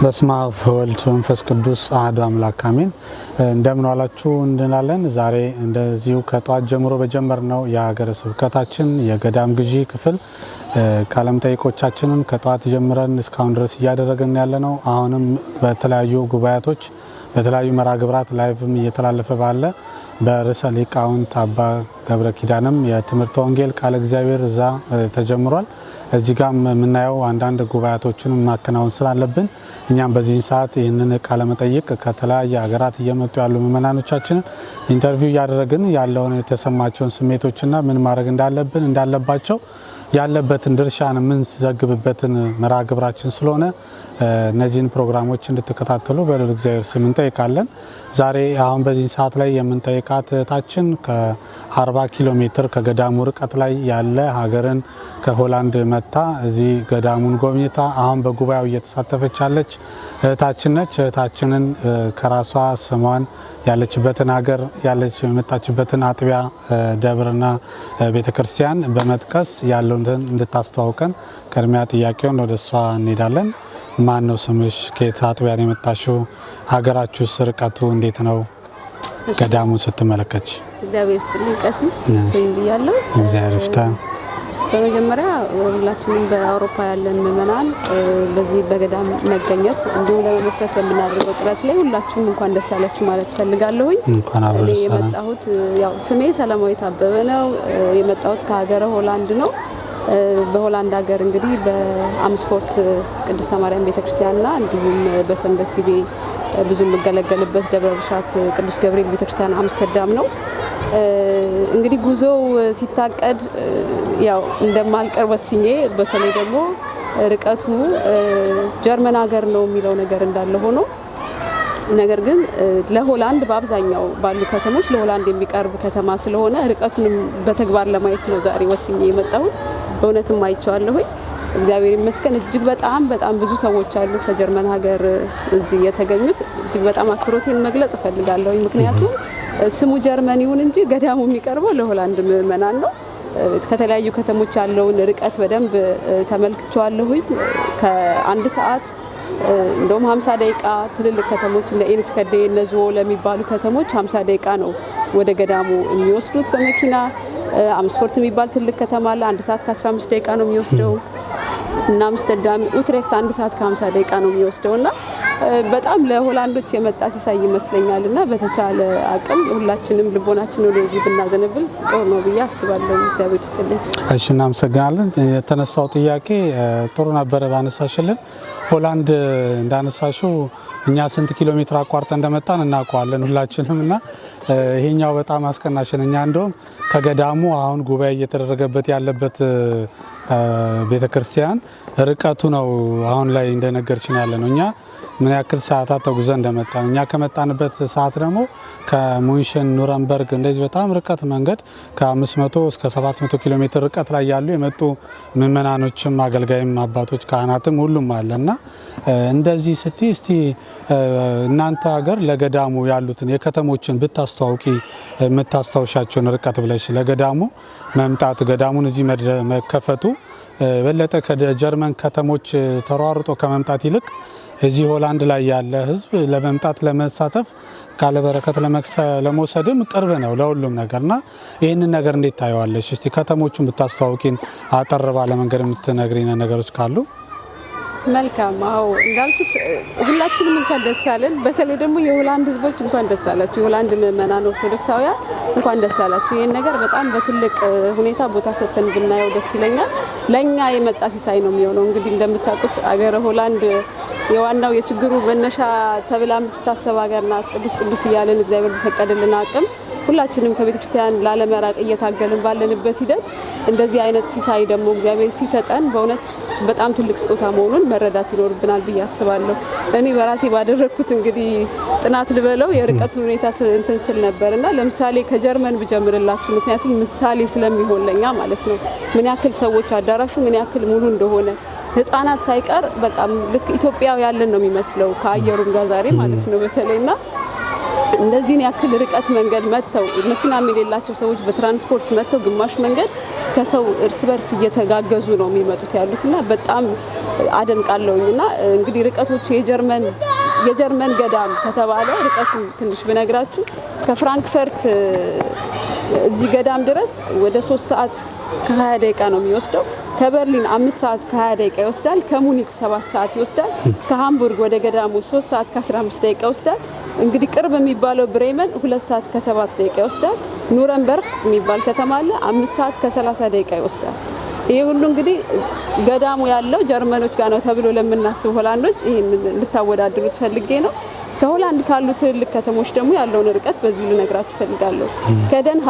በስመ አብ ወልድ መንፈስ ቅዱስ አሐዱ አምላክ አሜን። እንደምን ዋላችሁ እንላለን። ዛሬ እንደዚሁ ከጠዋት ጀምሮ በጀመርነው የሀገረ ስብከታችን የገዳም ግዢ ክፍል ቃለ መጠይቆቻችንን ከጠዋት ጀምረን እስካሁን ድረስ እያደረግን ያለ ነው። አሁንም በተለያዩ ጉባኤቶች በተለያዩ መርሃ ግብራት ላይቭም እየተላለፈ ባለ በርዕሰ ሊቃውንት አባ ገብረ ኪዳንም የትምህርተ ወንጌል ቃለ እግዚአብሔር እዛ ተጀምሯል። እዚህ ጋም የምናየው አንዳንድ ጉባኤቶችን ማከናወን ስላለብን እኛም በዚህን ሰዓት ይህንን ቃለመጠይቅ ከተለያየ ሀገራት እየመጡ ያሉ ምእመናኖቻችን ኢንተርቪው እያደረግን ያለውን የተሰማቸውን ስሜቶችና ምን ማድረግ እንዳለብን እንዳለባቸው ያለበትን ድርሻን የምንዘግብበትን መርሃ ግብራችን ስለሆነ እነዚህን ፕሮግራሞች እንድትከታተሉ በልዑል እግዚአብሔር ስም እንጠይቃለን። ዛሬ አሁን በዚህ ሰዓት ላይ የምንጠይቃት እህታችን ከ40 ኪሎ ሜትር ከገዳሙ ርቀት ላይ ያለ ሀገርን ከሆላንድ መታ እዚህ ገዳሙን ጎብኝታ አሁን በጉባኤው እየተሳተፈች ያለች እህታችን ነች። እህታችንን ከራሷ ስሟን ያለችበትን ሀገር ያለች የመጣችበትን አጥቢያ ደብርና ቤተክርስቲያን በመጥቀስ ያለው እንድታስተዋውቀን ቅድሚያ ጥያቄውን ወደ እሷ እንሄዳለን። ማን ነው ስምሽ? ከየት አጥቢያ የመጣሽው? ሀገራችሁ ስርቀቱ እንዴት ነው? ገዳሙ ስትመለከች እግዚአብሔር ስጥልኝ ቀሲስ ስትኝ ብያለሁ። እግዚአብሔር ፍታ በመጀመሪያ ሁላችንም በአውሮፓ ያለን ምዕመናን በዚህ በገዳም መገኘት እንዲሁም ለመመስረት በምናደርገው ጥረት ላይ ሁላችሁም እንኳን ደስ ያላችሁ ማለት ፈልጋለሁኝ። እኔ የመጣሁት ያው ስሜ ሰላማዊት አበበ ነው። የመጣሁት ከሀገረ ሆላንድ ነው። በሆላንድ ሀገር እንግዲህ በአምስፎርት ቅድስተ ማርያም ቤተክርስቲያንና እንዲሁም በሰንበት ጊዜ ብዙ የምገለገልበት ደብረ ብርሻት ቅዱስ ገብርኤል ቤተክርስቲያን አምስተርዳም ነው። እንግዲህ ጉዞው ሲታቀድ ያው እንደማልቀር ወስኜ፣ በተለይ ደግሞ ርቀቱ ጀርመን ሀገር ነው የሚለው ነገር እንዳለ ሆኖ ነገር ግን ለሆላንድ በአብዛኛው ባሉ ከተሞች ለሆላንድ የሚቀርብ ከተማ ስለሆነ ርቀቱንም በተግባር ለማየት ነው ዛሬ ወስኜ የመጣሁት። በእውነትም አይቼዋለሁኝ። እግዚአብሔር ይመስገን እጅግ በጣም በጣም ብዙ ሰዎች አሉ ከጀርመን ሀገር እዚህ የተገኙት። እጅግ በጣም አክብሮቴን መግለጽ እፈልጋለሁ። ምክንያቱም ስሙ ጀርመን ይሁን እንጂ ገዳሙ የሚቀርበው ለሆላንድ ምዕመናን ነው። ከተለያዩ ከተሞች ያለውን ርቀት በደንብ ተመልክቼዋለሁኝ። ከአንድ ሰዓት እንደውም 50 ደቂቃ ትልልቅ ከተሞች እንደ ኤንስከዴ እነ ለሚባሉ ከተሞች 50 ደቂቃ ነው ወደ ገዳሙ የሚወስዱት በመኪና አምስፎርት የሚባል ትልቅ ከተማ አለ። አንድ ሰዓት ከ15 ደቂቃ ነው የሚወስደው እና አምስተርዳም ኡትሬክት አንድ ሰዓት ከ50 ደቂቃ ነው የሚወስደው እና በጣም ለሆላንዶች የመጣ ሲሳይ ይመስለኛል። እና በተቻለ አቅም ሁላችንም ልቦናችን ወደዚህ ብናዘነብል ጥሩ ነው ብዬ አስባለሁ። እግዚአብሔር ይስጥልኝ። እሺ፣ እናመሰግናለን። የተነሳው ጥያቄ ጥሩ ነበረ ባነሳሽልን ሆላንድ እንዳነሳሽው እኛ ስንት ኪሎ ሜትር አቋርጠ እንደመጣን እናውቀዋለን ሁላችንም። እና ይሄኛው በጣም አስቀናሽን። እኛ እንደውም ከገዳሙ አሁን ጉባኤ እየተደረገበት ያለበት ቤተክርስቲያን ርቀቱ ነው አሁን ላይ እንደነገርችን ያለ ነው እኛ ምን ያክል ሰዓታት ተጉዘ እንደመጣ እኛ ከመጣንበት ሰዓት ደግሞ ከሙንሽን ኑረንበርግ እንደዚህ በጣም ርቀት መንገድ ከ500 እስከ 700 ኪሎ ሜትር ርቀት ላይ ያሉ የመጡ ምእመናኖችም አገልጋይም አባቶች ካህናትም ሁሉም አለ እና እንደዚህ ስቲ እስቲ እናንተ ሀገር ለገዳሙ ያሉትን የከተሞችን ብታስተዋውቂ የምታስታውሻቸውን ርቀት ብለሽ ለገዳሙ መምጣት ገዳሙን እዚህ መከፈቱ በለጠ ከጀርመን ከተሞች ተሯሩጦ ከመምጣት ይልቅ እዚህ ሆላንድ ላይ ያለ ህዝብ ለመምጣት ለመሳተፍ ካለበረከት ለመውሰድም ቅርብ ነው ለሁሉም ነገርና ይህንን ነገር እንዴት ታየዋለች? እስቲ ከተሞቹን ብታስተዋውቂን አጠር ባለ መንገድ የምትነግሪን ነገሮች ካሉ መልካም። አዎ እንዳልኩት ሁላችንም እንኳን ደስ ያለን። በተለይ ደግሞ የሆላንድ ህዝቦች እንኳን ደስ ያላችሁ፣ የሆላንድ ምእመናን ኦርቶዶክሳውያን እንኳን ደስ ያላችሁ። ይህን ነገር በጣም በትልቅ ሁኔታ ቦታ ሰጥተን ብናየው ደስ ይለኛል። ለእኛ የመጣ ሲሳይ ነው የሚሆነው። እንግዲህ እንደምታውቁት አገረ ሆላንድ የዋናው የችግሩ መነሻ ተብላ የምትታሰብ ሀገር ናት። ቅዱስ ቅዱስ እያለን እግዚአብሔር በፈቀደልን አቅም ሁላችንም ከቤተ ክርስቲያን ላለመራቅ እየታገልን ባለንበት ሂደት እንደዚህ አይነት ሲሳይ ደግሞ እግዚአብሔር ሲሰጠን በእውነት በጣም ትልቅ ስጦታ መሆኑን መረዳት ይኖርብናል ብዬ አስባለሁ። እኔ በራሴ ባደረግኩት እንግዲህ ጥናት ልበለው የርቀቱን ሁኔታ እንትን ስል ነበር እና ለምሳሌ ከጀርመን ብጀምርላችሁ፣ ምክንያቱም ምሳሌ ስለሚሆን ለኛ ማለት ነው ምን ያክል ሰዎች አዳራሹ ምን ያክል ሙሉ እንደሆነ ህጻናት ሳይቀር በቃ ልክ ኢትዮጵያው ያለን ነው የሚመስለው ከአየሩም ጋር ዛሬ ማለት ነው በተለይ ና እንደዚህን ያክል ርቀት መንገድ መጥተው መኪናም የሌላቸው ሰዎች በትራንስፖርት መጥተው ግማሽ መንገድ ከሰው እርስ በርስ እየተጋገዙ ነው የሚመጡት ያሉት እና በጣም አደንቃለውኝ እና እንግዲህ ርቀቶቹ የጀርመን የጀርመን ገዳም ከተባለ ርቀቱ ትንሽ ብነግራችሁ ከፍራንክፈርት እዚህ ገዳም ድረስ ወደ ሶስት ሰዓት ከ20 ደቂቃ ነው የሚወስደው ከበርሊን አምስት ሰዓት ከ20 ደቂቃ ይወስዳል። ከሙኒክ ሰባት ሰዓት ይወስዳል። ከሃምቡርግ ወደ ገዳሙ ሶስት ሰዓት ከ15 ደቂቃ ይወስዳል። እንግዲህ ቅርብ የሚባለው ብሬመን ሁለት ሰዓት ከሰባት ደቂቃ ይወስዳል። ኑረንበርግ የሚባል ከተማ አለ አምስት ሰዓት ከሰላሳ ደቂቃ ይወስዳል። ይህ ሁሉ እንግዲህ ገዳሙ ያለው ጀርመኖች ጋር ነው ተብሎ ለምናስብ ሆላንዶች ይህን ልታወዳድሩት ፈልጌ ነው። ከሆላንድ ካሉ ትልልቅ ከተሞች ደግሞ ያለውን ርቀት በዚሁ ልነግራችሁ ፈልጋለሁ። ከደንሃ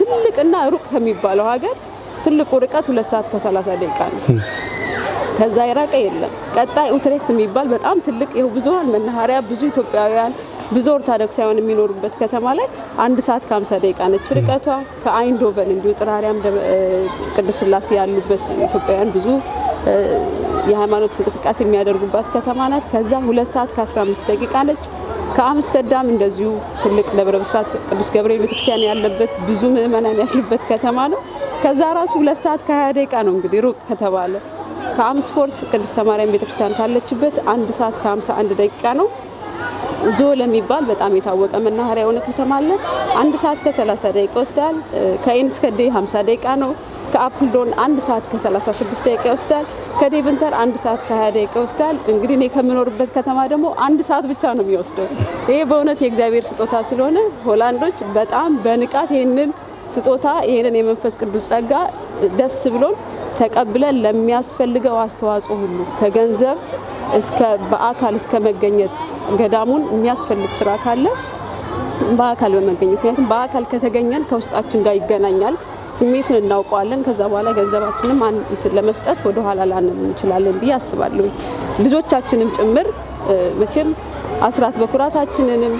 ትልቅና ሩቅ ከሚባለው ሀገር ትልቁ ርቀት ሁለት ሰዓት ከሰላሳ ደቂቃ ነው። ከዛ የራቀ የለም። ቀጣይ ኡትሬክት የሚባል በጣም ትልቅ ብዙሀን መናኸሪያ ብዙ ኢትዮጵያውያን ብዙ ኦርቶዶክሳውያን የሚኖሩበት ከተማ ላይ አንድ ሰዓት ከ50 ደቂቃ ነች ርቀቷ። ከአይንዶቨን እንዲሁ ጽራሪያም ቅድስት ስላሴ ያሉበት ኢትዮጵያውያን ብዙ የሃይማኖት እንቅስቃሴ የሚያደርጉባት ከተማ ናት። ከዛ ሁለት ሰዓት ከ15 ደቂቃ ነች። ከአምስተርዳም እንደዚሁ ትልቅ ደብረ ብስራት ቅዱስ ገብርኤል ቤተክርስቲያን ያለበት ብዙ ምእመናን ያሉበት ከተማ ነው። ከዛ ራሱ ሁለት ሰዓት ከሀያ ደቂቃ ነው እንግዲህ ሩቅ ከተባለ ከአምስፎርት ቅድስተ ማርያም ቤተክርስቲያን ካለችበት አንድ ሰዓት ከሀምሳ አንድ ደቂቃ ነው። ዞ ለሚባል በጣም የታወቀ መናኸሪያ የሆነ ከተማ አለ። አንድ ሰዓት ከ30 ደቂቃ ይወስዳል። እስከ ከዴ 50 ደቂቃ ነው። ከአፕልዶን አንድ ሰዓት ከ36 ደቂቃ ይወስዳል። ከዴቭንተር አንድ ሰዓት ከ20 ደቂቃ ይወስዳል። እንግዲህ እኔ ከምኖርበት ከተማ ደግሞ አንድ ሰዓት ብቻ ነው የሚወስደው። ይሄ በእውነት የእግዚአብሔር ስጦታ ስለሆነ ሆላንዶች በጣም በንቃት ይህንን ስጦታ ይህንን የመንፈስ ቅዱስ ጸጋ ደስ ብሎን ተቀብለን ለሚያስፈልገው አስተዋጽኦ ሁሉ ከገንዘብ እስከ በአካል እስከ መገኘት ገዳሙን የሚያስፈልግ ስራ ካለ በአካል በመገኘት ምክንያቱም በአካል ከተገኘን ከውስጣችን ጋር ይገናኛል። ስሜቱን እናውቀዋለን። ከዛ በኋላ ገንዘባችንም ለመስጠት ወደኋላ ላንም እንችላለን ብዬ አስባለሁ። ልጆቻችንም ጭምር መቼም አስራት በኩራታችንንም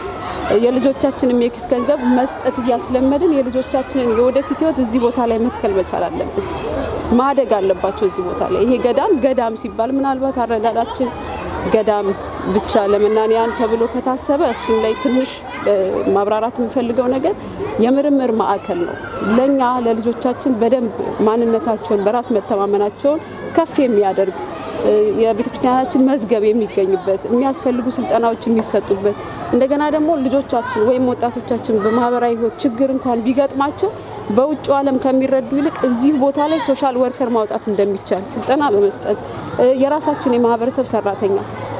የልጆቻችንም የኪስ ገንዘብ መስጠት እያስለመድን የልጆቻችንን የወደፊት ህይወት እዚህ ቦታ ላይ መትከል መቻል አለብን። ማደግ አለባቸው እዚህ ቦታ ላይ። ይሄ ገዳም ገዳም ሲባል ምናልባት አረዳዳችን ገዳም ብቻ ለመናንያን ተብሎ ከታሰበ እሱም ላይ ትንሽ ማብራራት የምፈልገው ነገር የምርምር ማዕከል ነው። ለእኛ ለልጆቻችን በደንብ ማንነታቸውን በራስ መተማመናቸውን ከፍ የሚያደርግ የቤተክርስቲያናችን መዝገብ የሚገኝበት የሚያስፈልጉ ስልጠናዎች የሚሰጡበት እንደገና ደግሞ ልጆቻችን ወይም ወጣቶቻችን በማህበራዊ ህይወት ችግር እንኳን ቢገጥማቸው በውጭ ዓለም ከሚረዱ ይልቅ እዚህ ቦታ ላይ ሶሻል ወርከር ማውጣት እንደሚቻል ስልጠና በመስጠት የራሳችን የማህበረሰብ ሰራተኛ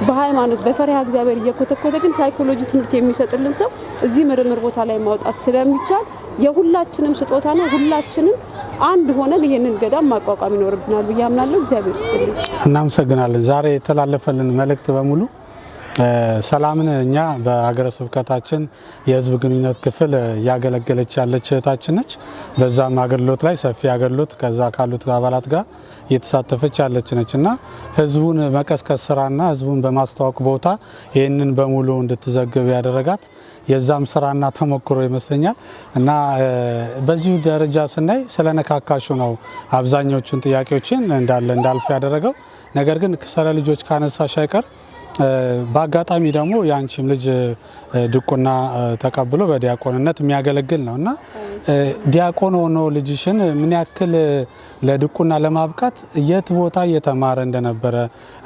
በሃይማኖት በፈሪሃ እግዚአብሔር እየኮተኮተ ግን ሳይኮሎጂ ትምህርት የሚሰጥልን ሰው እዚህ ምርምር ቦታ ላይ ማውጣት ስለሚቻል የሁላችንም ስጦታ ነው። ሁላችንም አንድ ሆነን ይህንን ገዳም ማቋቋም ይኖርብናል ብዬ አምናለሁ። እግዚአብሔር ይስጥልኝ። እናመሰግናለን። ዛሬ የተላለፈልን መልእክት በሙሉ ሰላምን እኛ በሀገረ ስብከታችን የህዝብ ግንኙነት ክፍል እያገለገለች ያለች እህታችን ነች። በዛም አገልግሎት ላይ ሰፊ አገልግሎት ከዛ ካሉት አባላት ጋር እየተሳተፈች ያለች ነች እና ህዝቡን መቀስቀስ ስራና ህዝቡን በማስተዋወቅ ቦታ ይህንን በሙሉ እንድትዘግብ ያደረጋት የዛም ስራና ተሞክሮ ይመስለኛል እና በዚሁ ደረጃ ስናይ ነካካሹ ነው አብዛኞቹን ጥያቄዎችን እንዳለ እንዳልፍ ያደረገው ነገር ግን ስለ ልጆች ካነሳሽ አይቀር በአጋጣሚ ደግሞ የአንቺም ልጅ ድቁና ተቀብሎ በዲያቆንነት የሚያገለግል ነው እና ዲያቆን ሆኖ ልጅሽን ምን ያክል ለድቁና ለማብቃት የት ቦታ እየተማረ እንደነበረ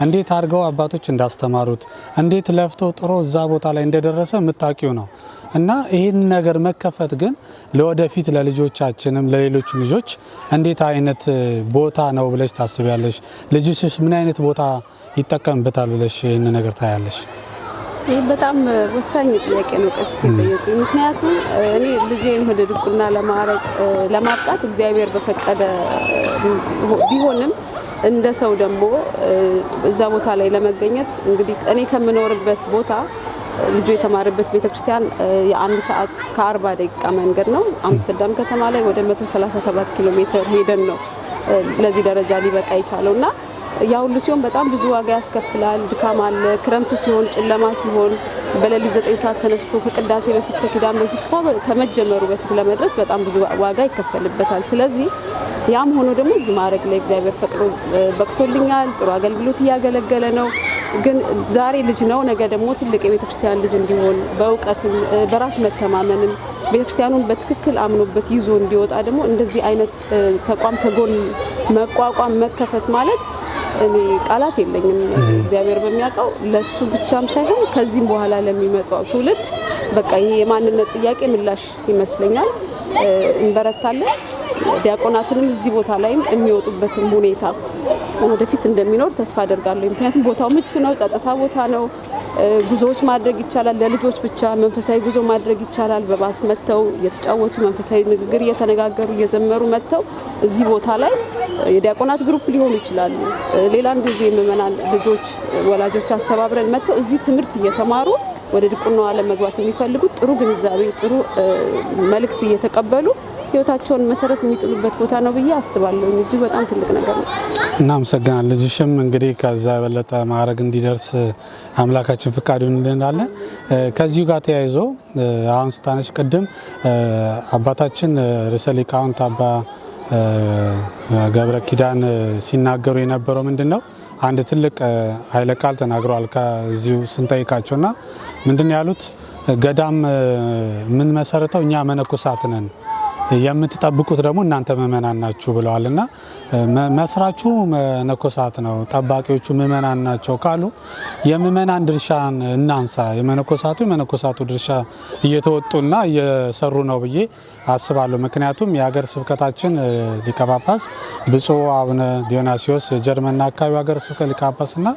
እንዴት አድርገው አባቶች እንዳስተማሩት እንዴት ለፍቶ ጥሮ እዛ ቦታ ላይ እንደደረሰ የምታውቂው ነው እና ይህን ነገር መከፈት ግን ለወደፊት ለልጆቻችንም ለሌሎች ልጆች እንዴት አይነት ቦታ ነው ብለሽ ታስቢያለሽ? ልጅሽ ምን አይነት ቦታ ይጠቀምበታል ብለሽ ይህን ነገር ታያለሽ? ይህ በጣም ወሳኝ ጥያቄ ነው ቀስ የጠየቁኝ። ምክንያቱም እኔ ልጄን ወደ ድቁና ለማብቃት እግዚአብሔር በፈቀደ ቢሆንም እንደ ሰው ደግሞ እዛ ቦታ ላይ ለመገኘት እንግዲህ እኔ ከምኖርበት ቦታ ልጁ የተማረበት ቤተክርስቲያን የአንድ ሰዓት ከአርባ ደቂቃ መንገድ ነው። አምስተርዳም ከተማ ላይ ወደ 137 ኪሎ ሜትር ሄደን ነው ለዚህ ደረጃ ሊበቃ የቻለው እና ያ ሁሉ ሲሆን በጣም ብዙ ዋጋ ያስከፍላል። ድካም አለ። ክረምቱ ሲሆን ጨለማ ሲሆን በሌሊት ዘጠኝ ሰዓት ተነስቶ ከቅዳሴ በፊት ከኪዳን በፊት ከመጀመሩ በፊት ለመድረስ በጣም ብዙ ዋጋ ይከፈልበታል። ስለዚህ ያም ሆኖ ደግሞ እዚህ ማድረግ ላይ እግዚአብሔር ፈቅዶ በቅቶልኛል። ጥሩ አገልግሎት እያገለገለ ነው። ግን ዛሬ ልጅ ነው፣ ነገ ደግሞ ትልቅ የቤተክርስቲያን ልጅ እንዲሆን በእውቀትም በራስ መተማመንም ቤተክርስቲያኑን በትክክል አምኖበት ይዞ እንዲወጣ ደግሞ እንደዚህ አይነት ተቋም ከጎን መቋቋም መከፈት ማለት እኔ ቃላት የለኝም። እግዚአብሔር በሚያውቀው ለሱ ብቻም ሳይሆን ከዚህም በኋላ ለሚመጣው ትውልድ በቃ ይሄ የማንነት ጥያቄ ምላሽ ይመስለኛል። እንበረታለን። ዲያቆናትንም እዚህ ቦታ ላይም የሚወጡበትም ሁኔታ ወደፊት እንደሚኖር ተስፋ አደርጋለሁ። ምክንያቱም ቦታው ምቹ ነው፣ ጸጥታ ቦታ ነው። ጉዞዎች ማድረግ ይቻላል። ለልጆች ብቻ መንፈሳዊ ጉዞ ማድረግ ይቻላል። በባስ መጥተው እየተጫወቱ መንፈሳዊ ንግግር እየተነጋገሩ እየዘመሩ መጥተው እዚህ ቦታ ላይ የዲያቆናት ግሩፕ ሊሆኑ ይችላሉ። ሌላ ጊዜ የምእመናን ልጆች ወላጆች አስተባብረን መጥተው እዚህ ትምህርት እየተማሩ ወደ ድቁናው ዓለም መግባት የሚፈልጉት ጥሩ ግንዛቤ ጥሩ መልእክት እየተቀበሉ ህይወታቸውን መሰረት የሚጥሉበት ቦታ ነው ብዬ አስባለሁ። እጅግ በጣም ትልቅ ነገር ነው። እናመሰግናለን። ልጅሽም እንግዲህ ከዛ የበለጠ ማዕረግ እንዲደርስ አምላካችን ፍቃድ እንላለን። ከዚሁ ጋር ተያይዞ አሁን ስታነሽ ቅድም አባታችን ርዕሰ ሊቃውንት አባ ገብረ ኪዳን ሲናገሩ የነበረው ምንድን ነው? አንድ ትልቅ ኃይለ ቃል ተናግረዋል። ከዚሁ ና ምንድን ያሉት ገዳም የምንመሰረተው እኛ መነኮሳት ነን የምትጠብቁት ደግሞ እናንተ ምእመናን ናችሁ ብለዋል እና መስራቹ መነኮሳት ነው፣ ጠባቂዎቹ ምእመናን ናቸው ካሉ የምእመናን ድርሻን እናንሳ። የመነኮሳቱ የመነኮሳቱ ድርሻ እየተወጡና እየሰሩ ነው ብዬ አስባለሁ። ምክንያቱም የሀገር ስብከታችን ሊቀ ጳጳስ ብፁዕ አቡነ ዲዮናሲዎስ የጀርመንና አካባቢ ሀገር ስብከት ሊቀ ጳጳስና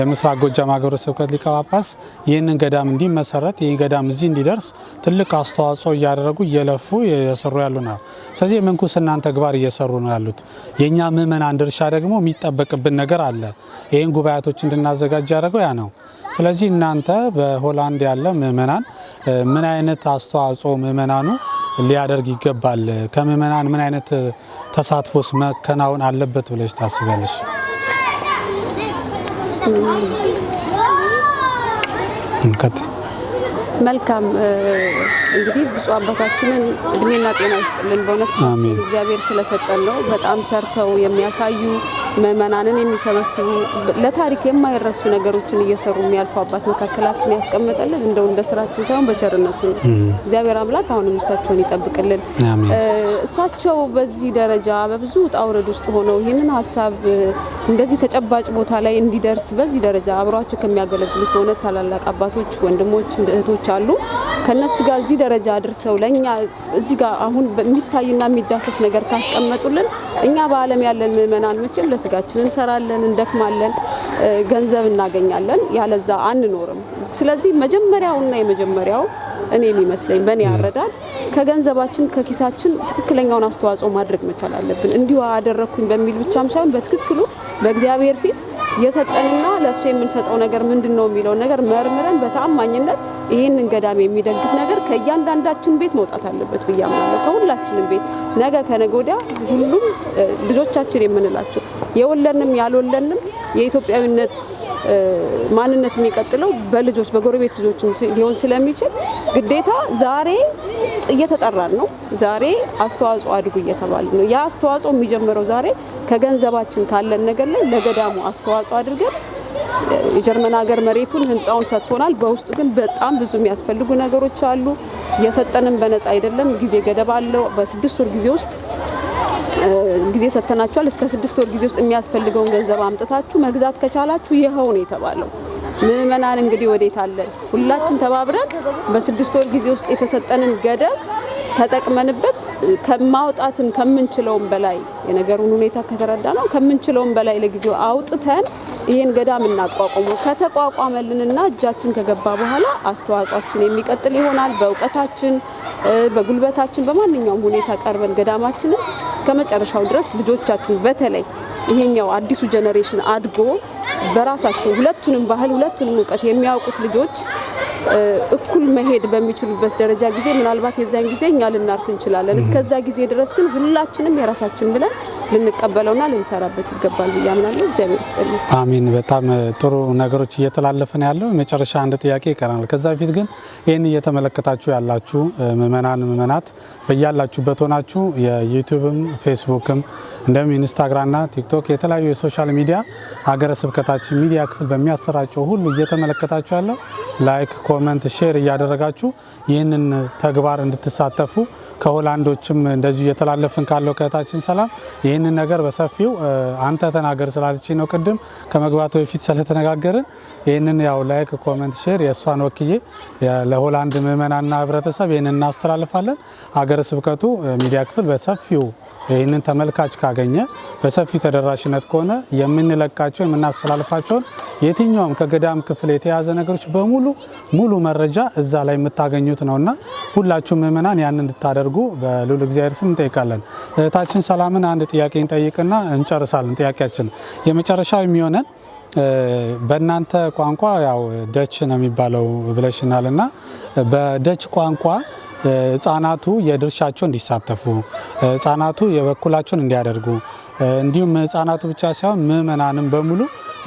የምስራቅ ጎጃም ሀገር ስብከት ሊቀ ጳጳስ ይህንን ገዳም እንዲመሰረት ይህ ገዳም እዚህ እንዲደርስ ትልቅ አስተዋጽኦ እያደረጉ እየለፉ የሰሩ ያሉ ነው። ስለዚህ የምንኩስናን ተግባር እየሰሩ ነው ያሉት። የእኛ ምእመናን ድርሻ ደግሞ የሚጠበቅብን ነገር አለ። ይህን ጉባኤቶች እንድናዘጋጅ ያደረገው ያ ነው። ስለዚህ እናንተ በሆላንድ ያለ ምእመናን ምን አይነት አስተዋጽኦ ምእመናኑ ሊያደርግ ይገባል? ከምእመናን ምን አይነት ተሳትፎስ መከናወን አለበት ብለሽ ታስባለች እንቀጥል መልካም እንግዲህ ብፁዕ አባታችንን እድሜና ጤና ይስጥልን። በእውነት እግዚአብሔር ስለሰጠን ነው። በጣም ሰርተው የሚያሳዩ ምእመናንን የሚሰበስቡ ለታሪክ የማይረሱ ነገሮችን እየሰሩ የሚያልፉ አባት መካከላችን ያስቀመጠልን እንደው እንደ ስራችን ሳይሆን በቸርነቱ ነው። እግዚአብሔር አምላክ አሁንም እሳቸውን ይጠብቅልን። እሳቸው በዚህ ደረጃ በብዙ ውጣ ውረድ ውስጥ ሆነው ይህንን ሀሳብ እንደዚህ ተጨባጭ ቦታ ላይ እንዲደርስ በዚህ ደረጃ አብሯቸው ከሚያገለግሉት በእውነት ታላላቅ አባቶች፣ ወንድሞች፣ እህቶች አሉ። ከነሱ ጋር እዚህ ደረጃ አድርሰው ለእኛ እዚህ ጋር አሁን የሚታይና የሚዳሰስ ነገር ካስቀመጡልን እኛ በዓለም ያለን ምእመናን መቼም ለስጋችን እንሰራለን፣ እንደክማለን፣ ገንዘብ እናገኛለን፣ ያለዛ አንኖርም። ስለዚህ መጀመሪያውና የመጀመሪያው እኔ የሚመስለኝ በእኔ አረዳድ ከገንዘባችን ከኪሳችን ትክክለኛውን አስተዋጽኦ ማድረግ መቻል አለብን። እንዲሁ አደረግኩኝ በሚል ብቻም ሳይሆን በትክክሉ በእግዚአብሔር ፊት የሰጠንና ለእሱ የምንሰጠው ነገር ምንድን ነው የሚለውን ነገር መርምረን በታማኝነት ይህንን ገዳም የሚደግፍ ነገር ከእያንዳንዳችን ቤት መውጣት አለበት ብዬ አምናለሁ። ከሁላችንም ቤት ነገ ከነገ ወዲያ ሁሉም ልጆቻችን የምንላቸው የወለንም ያልወለንም የኢትዮጵያዊነት ማንነት የሚቀጥለው በልጆች በጎረቤት ልጆች ሊሆን ስለሚችል ግዴታ ዛሬ እየተጠራን ነው። ዛሬ አስተዋጽኦ አድጉ እየተባለ ነው። ያ አስተዋጽኦ የሚጀምረው ዛሬ ከገንዘባችን ካለን ነገር ላይ ለገዳሙ አስተዋጽኦ አድርገን የጀርመን ሀገር መሬቱን ህንፃውን ሰጥቶናል። በውስጡ ግን በጣም ብዙ የሚያስፈልጉ ነገሮች አሉ። የሰጠንም በነፃ አይደለም። ጊዜ ገደብ አለው። በስድስት ወር ጊዜ ውስጥ ጊዜ ሰጥተናችኋል። እስከ ስድስት ወር ጊዜ ውስጥ የሚያስፈልገውን ገንዘብ አምጥታችሁ መግዛት ከቻላችሁ ይኸው ነው የተባለው። ምእመናን እንግዲህ ወዴት አለን? ሁላችን ተባብረን በስድስት ወር ጊዜ ውስጥ የተሰጠንን ገደብ ተጠቅመንበት ከማውጣትም ከምንችለውም በላይ የነገሩን ሁኔታ ከተረዳ ነው ከምንችለውም በላይ ለጊዜው አውጥተን ይህን ገዳም እናቋቁሙ ከተቋቋመልንና እጃችን ከገባ በኋላ አስተዋጽኦችን የሚቀጥል ይሆናል። በእውቀታችን፣ በጉልበታችን በማንኛውም ሁኔታ ቀርበን ገዳማችንን እስከ መጨረሻው ድረስ ልጆቻችን በተለይ ይሄኛው አዲሱ ጀኔሬሽን አድጎ በራሳቸው ሁለቱንም ባህል ሁለቱንም እውቀት የሚያውቁት ልጆች እኩል መሄድ በሚችሉበት ደረጃ ጊዜ ምናልባት የዛን ጊዜ እኛ ልናርፍ እንችላለን። እስከዛ ጊዜ ድረስ ግን ሁላችንም የራሳችን ብለን ልንቀበለውና ልንሰራበት ይገባል ብዬ አምናለሁ። እግዚአብሔር ይስጥልኝ። አሚን። በጣም ጥሩ ነገሮች እየተላለፈን ያለው መጨረሻ አንድ ጥያቄ ይቀራል። ከዛ በፊት ግን ይህን እየተመለከታችሁ ያላችሁ ምእመናን ምእመናት በያላችሁበት ሆናችሁ የዩቲዩብም ፌስቡክም እንደም ኢንስታግራምና ቲክቶክ የተለያዩ የሶሻል ሚዲያ ሀገረ ስብከታችን ሚዲያ ክፍል በሚያሰራጨው ሁሉ እየተመለከታችሁ ያለው ላይክ፣ ኮመንት፣ ሼር እያደረጋችሁ ይህንን ተግባር እንድትሳተፉ ከሆላንዶችም እንደዚሁ እየተላለፍን ካለው ከእህታችን ሰላም ይህንን ነገር በሰፊው አንተ ተናገር ስላለችኝ ነው። ቅድም ከመግባቱ በፊት ስለተነጋገርን ይህንን ያው ላይክ፣ ኮመንት፣ ሼር የእሷን ወክዬ ለሆላንድ ምዕመናና ህብረተሰብ ይህንን እናስተላልፋለን። ሀገረ ስብከቱ ሚዲያ ክፍል በሰፊው ይህንን ተመልካች ካገኘ በሰፊ ተደራሽነት ከሆነ የምንለቃቸው የምናስተላልፋቸውን የትኛውም ከገዳም ክፍል የተያዘ ነገሮች በሙሉ ሙሉ መረጃ እዛ ላይ የምታገኙት ነውና ሁላችሁም ምእመናን ያን እንድታደርጉ በልዑል እግዚአብሔር ስም እንጠይቃለን። እህታችን ሰላምን አንድ ጥያቄ እንጠይቅና እንጨርሳለን። ጥያቄያችን የመጨረሻ የሚሆነን በእናንተ ቋንቋ ያው ደች ነው የሚባለው ብለሽናል እና በደች ቋንቋ ህጻናቱ የድርሻቸው እንዲሳተፉ ህጻናቱ የበኩላቸውን እንዲያደርጉ እንዲሁም ህጻናቱ ብቻ ሳይሆን ምዕመናንም በሙሉ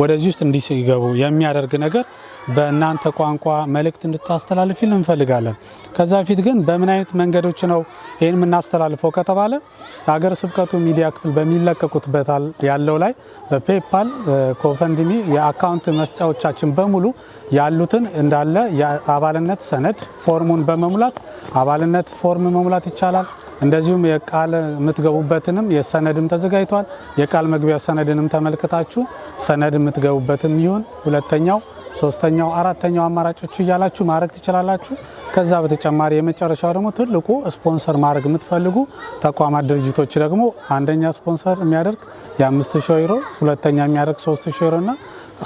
ወደዚህ ውስጥ እንዲገቡ የሚያደርግ ነገር በእናንተ ቋንቋ መልእክት እንድታስተላልፊል እንፈልጋለን። ከዛ በፊት ግን በምን አይነት መንገዶች ነው ይህን የምናስተላልፈው ከተባለ ሀገረ ስብከቱ ሚዲያ ክፍል በሚለቀቁት በታል ያለው ላይ በፔፓል ኮፈንድሚ የአካውንት መስጫዎቻችን በሙሉ ያሉትን እንዳለ የአባልነት ሰነድ ፎርሙን በመሙላት አባልነት ፎርም መሙላት ይቻላል። እንደዚሁም የቃል የምትገቡበትንም የሰነድም ተዘጋጅቷል። የቃል መግቢያ ሰነድንም ተመልክታችሁ ሰነድ የምትገቡበትም ይሁን ሁለተኛው ሶስተኛው አራተኛው አማራጮቹ እያላችሁ ማድረግ ትችላላችሁ። ከዛ በተጨማሪ የመጨረሻው ደግሞ ትልቁ ስፖንሰር ማድረግ የምትፈልጉ ተቋማት፣ ድርጅቶች ደግሞ አንደኛ ስፖንሰር የሚያደርግ የአምስት ሺ ዩሮ፣ ሁለተኛ የሚያደርግ 3000 ዩሮ እና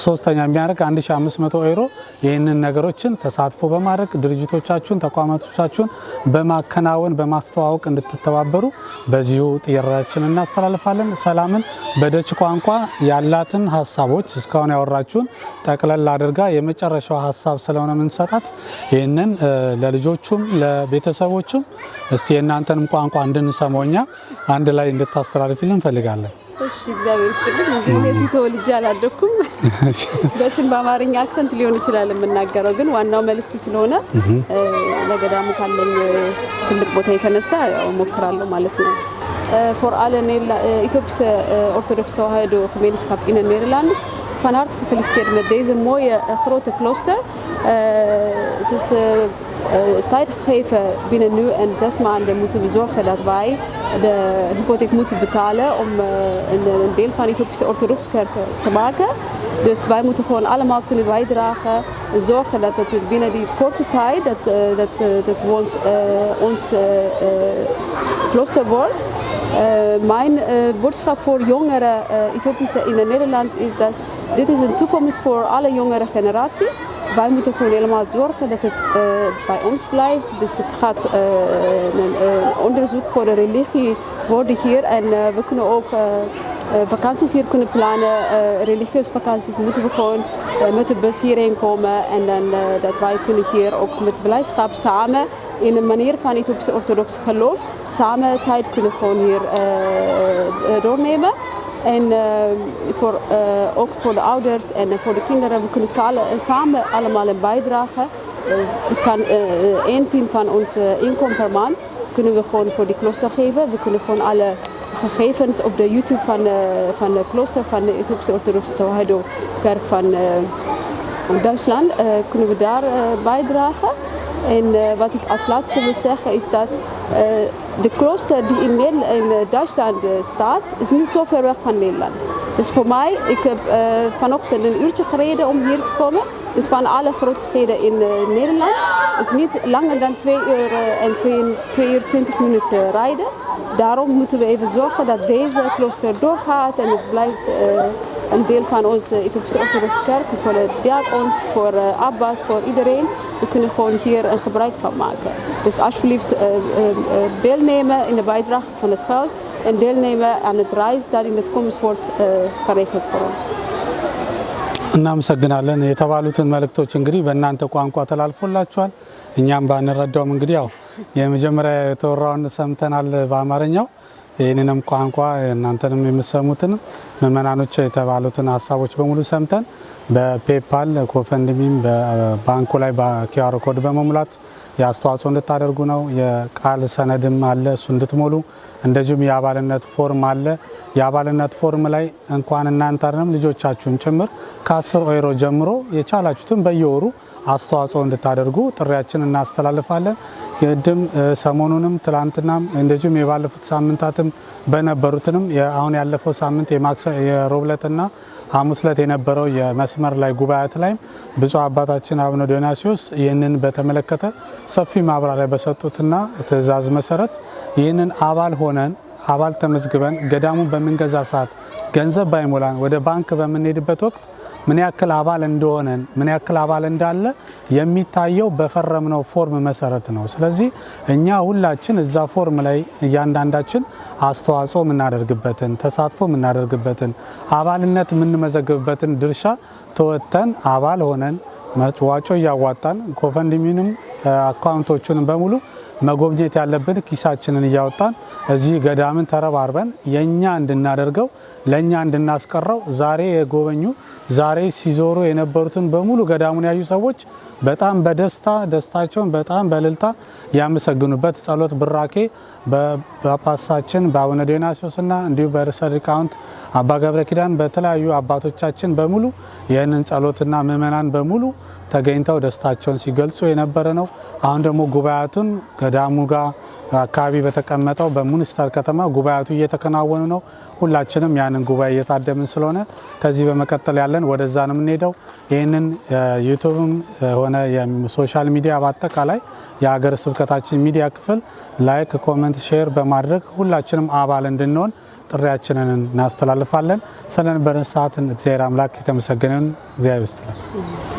ሶስተኛ የሚያደርግ 1500 ኤሮ ይህንን ነገሮችን ተሳትፎ በማድረግ ድርጅቶቻችሁን ተቋማቶቻችሁን በማከናወን በማስተዋወቅ እንድትተባበሩ በዚሁ ጥያቄያችን እናስተላልፋለን። ሰላምን በደች ቋንቋ ያላትን ሀሳቦች እስካሁን ያወራችሁን ጠቅለል አድርጋ የመጨረሻው ሀሳብ ስለሆነ ምንሰጣት ይህንን ለልጆቹም ለቤተሰቦቹም እስቲ የእናንተንም ቋንቋ እንድንሰማው አንድ ላይ እንድታስተላልፊል እንፈልጋለን። እሺ፣ እግዚአብሔር ይስጥልኝ። እንግዲህ እዚህ ተወልጄ አላደኩም። ዳችን በአማርኛ አክሰንት ሊሆን ይችላል የምናገረው፣ ግን ዋናው መልእክቱ ስለሆነ ለገዳሙ ካለኝ ትልቅ ቦታ የተነሳ ያው ሞክራለሁ ማለት ነው። ፎር አለ ኢትዮጵስ ኦርቶዶክስ ተዋህዶ ሜዲስ ካፕ ኢነ ኔደርላንድስ ፋን አርት ክፍል ስቴድ መደይዝ ሞ የፍሮት ክሎስተር Eh, tijd gegeven, binnen nu en zes maanden moeten we zorgen dat wij de hypotheek moeten betalen om eh, een, deel van de Ethiopische orthodoxe kerk te maken. Dus wij moeten gewoon allemaal kunnen bijdragen en zorgen dat het binnen die korte tijd dat, eh, dat, dat ons, ons klooster wordt. mijn boodschap voor jongeren uh, Ethiopische in Nederland is dat dit is een toekomst voor alle jongere generatie wij moeten gewoon helemaal zorgen dat het eh, bij ons blijft. Dus het gaat eh, een, eh, onderzoek voor de religie worden hier. En we kunnen ook vakanties hier kunnen plannen. religieuze vakanties moeten we gewoon met de bus hierheen komen. En dan dat wij kunnen hier ook met beleidschap samen in een manier van Ethiopische orthodox geloof samen tijd kunnen gewoon hier doornemen. En eh, voor, eh, ook voor de ouders en voor de kinderen, we kunnen samen eh, allemaal een bijdrage. Kan, kan van onze inkomen per maand kunnen we gewoon voor die klooster geven. We kunnen gewoon alle gegevens op de YouTube van, van de kloster van de Ethiopische Orthodoxe Tewahedo Kerk van Duitsland, kunnen we daar bijdragen. En eh, wat ik als laatste wil zeggen is dat eh, de klooster die in, eh, Duitsland staat, is niet zo ver weg van Nederland. Dus voor mij, ik heb vanochtend een uurtje gereden om hier te komen. Dus van alle grote steden in Nederland is niet langer dan 2 uur en 2, uur 20 minuten rijden. Daarom moeten we even zorgen dat deze klooster doorgaat en het blijft een deel van onze Ethiopische Orthodoxe Kerk, voor de eh, diakons, voor abbas, voor iedereen. We kunnen gewoon hier een gebruik van maken. Dus alsjeblieft eh, eh, deelnemen in de bijdrage van het geld en deelnemen aan het reis dat in de toekomst wordt geregeld voor ons. እናመሰግናለን የተባሉትን መልእክቶች እንግዲህ በእናንተ ቋንቋ ተላልፎላችኋል። እኛም ባንረዳውም እንግዲህ ያው የመጀመሪያ የተወራውን ሰምተናል በአማርኛው ይህንንም ቋንቋ እናንተንም የምሰሙትን ምእመናኖች የተባሉትን ሀሳቦች በሙሉ ሰምተን በፔፓል ኮፈንድሚም በባንኩ ላይ በኪዋር ኮድ በመሙላት የአስተዋጽኦ እንድታደርጉ ነው። የቃል ሰነድም አለ እሱ እንድትሞሉ፣ እንደዚሁም የአባልነት ፎርም አለ። የአባልነት ፎርም ላይ እንኳን እናንተ ልጆቻችሁን ጭምር ከአስር 10 ኦይሮ ጀምሮ የቻላችሁትን በየወሩ አስተዋጽኦ እንድታደርጉ ጥሪያችን እናስተላልፋለን። ቅድም ሰሞኑንም ትላንትናም እንደዚሁም የባለፉት ሳምንታትም በነበሩትንም አሁን ያለፈው ሳምንት የሮብለትና ሐሙስ ዕለት የነበረው የመስመር ላይ ጉባኤያት ላይም ብፁዕ አባታችን አቡነ ዲዮናስዮስ ይህንን በተመለከተ ሰፊ ማብራሪያ በሰጡትና ትዕዛዝ መሰረት ይህንን አባል ሆነን አባል ተመዝግበን ገዳሙን በምንገዛ ሰዓት ገንዘብ ባይሞላን ወደ ባንክ በምንሄድበት ወቅት ምን ያክል አባል እንደሆነን ምን ያክል አባል እንዳለ የሚታየው በፈረምነው ፎርም መሰረት ነው። ስለዚህ እኛ ሁላችን እዛ ፎርም ላይ እያንዳንዳችን አስተዋጽኦ የምናደርግበትን ተሳትፎ የምናደርግበትን አባልነት የምንመዘግብበትን ድርሻ ተወጥተን አባል ሆነን መዋጮ እያዋጣን ኮፈንድሚንም አካውንቶቹንም በሙሉ መጎብኘት ያለብን ኪሳችንን እያወጣን እዚህ ገዳምን ተረባርበን የእኛ እንድናደርገው ለእኛ እንድናስቀረው ዛሬ የጎበኙ ዛሬ ሲዞሩ የነበሩትን በሙሉ ገዳሙን ያዩ ሰዎች በጣም በደስታ ደስታቸውን በጣም በልልታ ያመሰግኑበት ጸሎት ብራኬ በጳጳሳችን በአቡነ ዲዮናስዮስና እንዲሁም በርዕሰ ሊቃውንት አባ ገብረ ኪዳን በተለያዩ አባቶቻችን በሙሉ ይህንን ጸሎትና ምእመናን በሙሉ ተገኝተው ደስታቸውን ሲገልጹ የነበረ ነው። አሁን ደግሞ ጉባኤቱን ገዳሙ ጋር አካባቢ በተቀመጠው በሙኒስተር ከተማ ጉባኤቱ እየተከናወኑ ነው። ሁላችንም ያንን ጉባኤ እየታደምን ስለሆነ ከዚህ በመቀጠል ያለን ወደዛ ነው የምንሄደው። ይህንን ዩቱብም የሆነ ሶሻል ሚዲያ በአጠቃላይ የሀገረ ስብከታችን ሚዲያ ክፍል ላይክ፣ ኮመንት፣ ሼር በማድረግ ሁላችንም አባል እንድንሆን ጥሪያችንን እናስተላልፋለን። ስለነበረን ሰዓትን እግዚአብሔር አምላክ የተመሰገነን እግዚአብሔር ይስጥልን።